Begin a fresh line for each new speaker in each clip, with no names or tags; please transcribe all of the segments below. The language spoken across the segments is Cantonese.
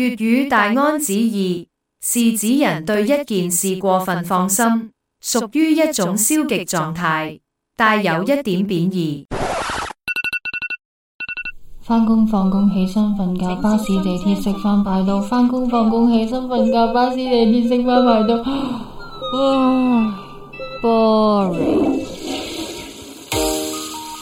粵語大安旨意是指人對一件事過分放心，屬於一種消極狀態，帶有一點貶義。翻工放工，起身瞓覺，巴士地鐵食飯排隊。翻工放工，起身瞓覺，巴士地鐵食飯排隊。唉，boring。啊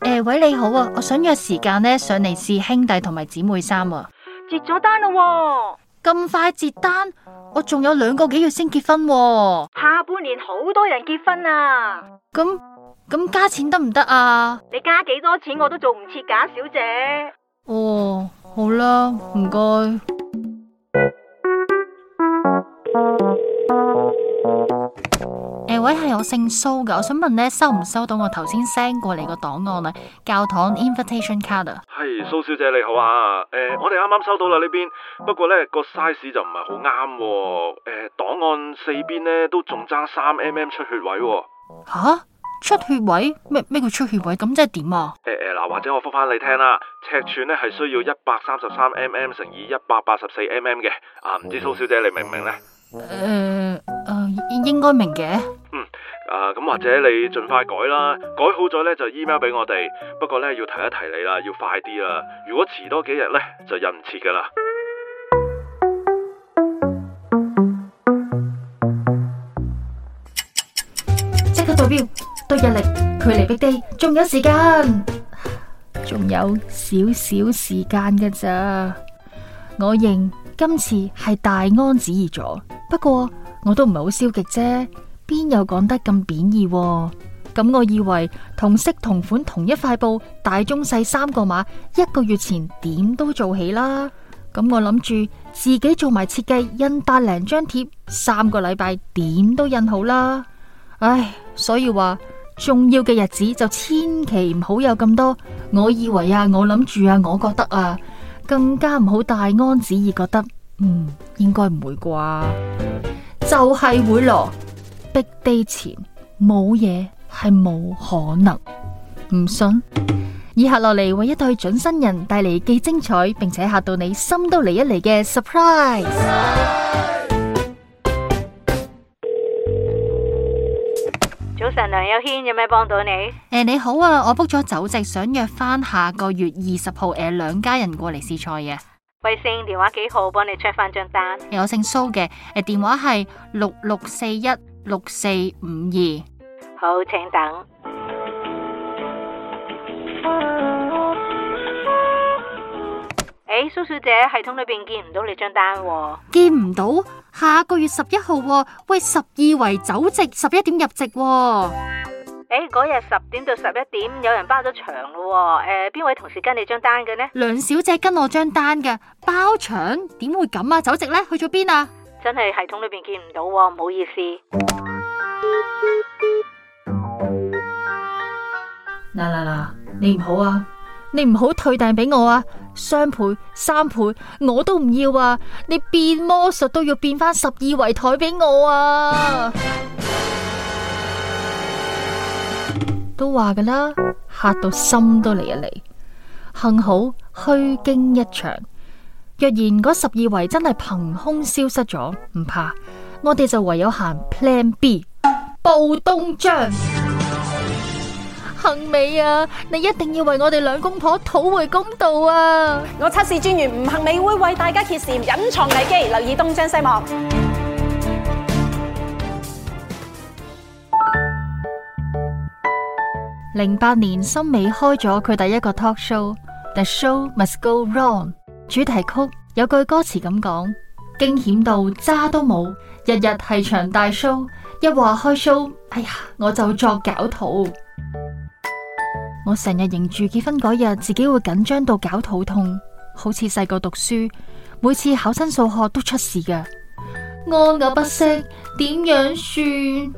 誒，喂，你好啊，我想約時間呢上嚟試兄弟同埋姊妹衫啊！接咗單咯，咁快接單？我仲有兩個幾月先結婚喎。下半年好多人結婚啊！咁咁加錢得唔得啊？你加幾多錢我都做唔切，賈小姐。哦，好啦，唔該。係我姓蘇噶，我想問咧，收唔收到我頭先 send 過嚟個檔案啊？教堂 invitation card。係，蘇小姐你好啊，誒、呃，我哋啱啱收到啦呢邊，不過咧個 size 就唔係好啱，誒、呃，檔案四邊咧都仲爭三 mm 出血位啊。吓、啊、出血位？咩，咩叫出血位？咁即係點啊？誒誒嗱，或者我複返你聽啦，尺寸咧係需要一百三十三 mm 乘以一百八十四 mm 嘅，啊，唔知蘇小姐你明唔明咧？誒誒、呃呃，應該明嘅。啊，咁或者你盡快改啦，改好咗咧就 email 俾我哋。不過咧要提一提你啦，要快啲啦。如果遲多幾日咧，就印唔切噶啦。即刻 set 個坐標對日曆，距離 Big Day，仲有時間，仲有少少時間噶咋？我認今次係大安旨意咗，不過我都唔係好消極啫。邊有講得咁便宜？咁我以為，同色同款同一塊布，大中細三個碼，一個月前點都做起啦。咁我諗住自己做埋設計，印八零張貼，三個禮拜點都印好啦。唉，所以話重要嘅日子就千祈唔好有咁多。我以為啊，我諗住啊，我覺得啊，更加唔好大安旨意覺得，嗯，應該唔會啩，就係會咯。Big Day 前冇嘢係冇可能，唔信？以下落嚟為一對準新人帶嚟既精彩，並且嚇到你心都離一離嘅 surprise 早。早晨梁悠軒，有咩幫到你？誒、欸、你好啊，我 book 咗酒席，想約翻下個月二十號誒兩家人過嚟試菜嘅、啊。喂星，電話幾號？幫你 check 翻張單。我、欸、姓蘇嘅，誒、欸、電話係六六四一。六四五二，好，請等。誒，蘇小姐，系統裏邊見唔到你張單喎，見唔到？下個月十一號喎，喂，十二圍酒席，十一點入席喎。誒，嗰日十點到十一點有人包咗場咯。誒，邊位同事跟你張單嘅呢？梁小姐跟我張單嘅，包場點會咁啊？酒席咧去咗邊啊？真係系統裏邊見唔到，唔好意思。嗱嗱嗱，你唔好啊，你唔好退訂俾我啊，雙倍、三倍我都唔要啊，你變魔術都要變翻十二圍台俾我啊！都話㗎啦，吓到心都離一離，幸好虛驚一場。若然嗰十二圍真係憑空消失咗，唔怕，我哋就唯有行 Plan B，報東張。幸美啊，你一定要為我哋兩公婆討回公道啊！我測試專員吳幸美會為大家揭示隱藏危機，留意東張西望。零八年，幸美開咗佢第一個 talk show，《The Show Must Go Wrong》。主題曲有句歌詞咁講，驚險到渣都冇，日日係場大 show，一話開 show，哎呀，我就作絞肚。 我成日諗住結婚嗰日，自己會緊張到絞肚痛，好似細個讀書每次考親數學都出事嘅， 安啊唔識，點樣算？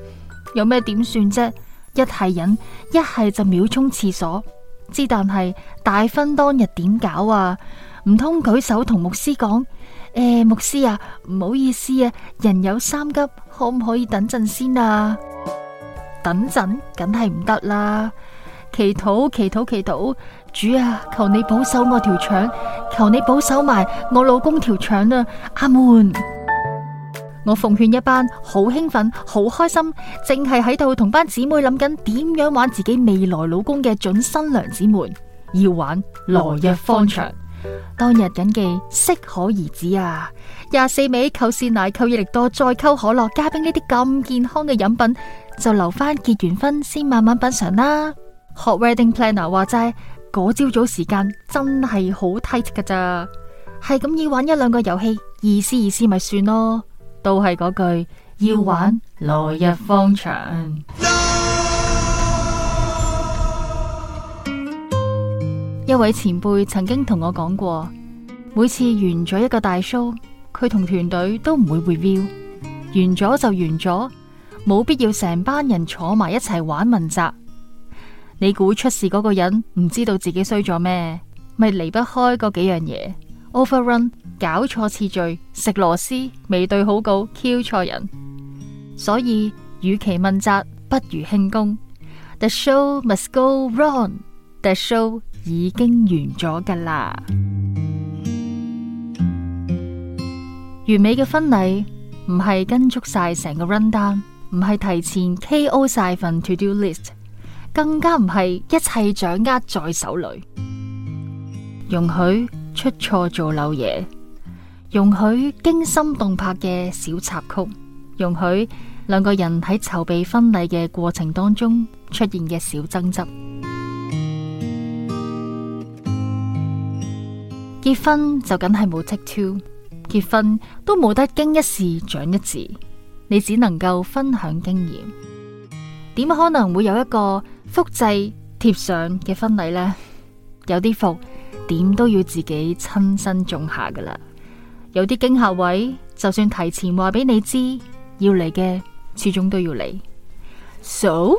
有咩點算啫？一係忍，一係就秒衝廁所。之但係大婚當日點搞啊？唔通舉手同牧師講，誒，牧師啊，唔好意思啊，人有三急，可唔可以等陣先啊？等陣梗係唔得啦！祈禱祈禱祈禱，主啊，求你保守我條腸，求你保守埋我老公條腸啊！阿門。我奉勸一班好興奮、好開心，淨係喺度同班姊妹諗緊點樣玩自己未來老公嘅準新娘子們，要玩來日方長。當日緊記適可而止啊！廿四味、溝鮮奶、溝益力多、再溝可樂、加冰呢啲咁健康嘅飲品，就留翻結完婚先慢慢品嘗啦。學 Wedding Planner 話齋，嗰朝早時間真係好 tight 噶咋，係咁要玩一兩個遊戲，意思意思咪算咯。都係嗰句，要玩來日方長。一位前輩曾經同我講過，每次完咗一個大 show，佢同團隊都唔會 review，完咗就完咗，冇必要成班人坐埋一齊玩問責。你估出事嗰個人唔知道自己衰咗咩？咪離不開嗰幾樣嘢 overrun，搞錯次序，食螺絲，未對好稿，kill 錯人。所以，與其問責，不如慶功。The show must go wrong. The show. 已經完咗噶啦。完美嘅婚禮唔係跟足晒成個 run down，唔係提前 KO 晒份 to do list，更加唔係一切掌握在手裏。容許出錯做漏嘢，容許驚心動魄嘅小插曲，容許兩個人喺籌備婚禮嘅過程當中出現嘅小爭執。結婚就梗係冇 take two，結婚都冇得經一事長一智。你只能夠分享經驗，點可能會有一個複製貼上嘅婚禮呢？有啲服點都要自己親身種下㗎喇，有啲驚嚇位，就算提前話俾你知要嚟嘅，始終都要嚟。So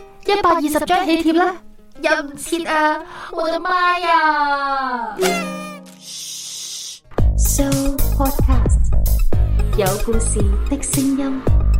一百二十張喜帖啦，入唔切啊！我的媽呀！So podcast 有故事的聲音。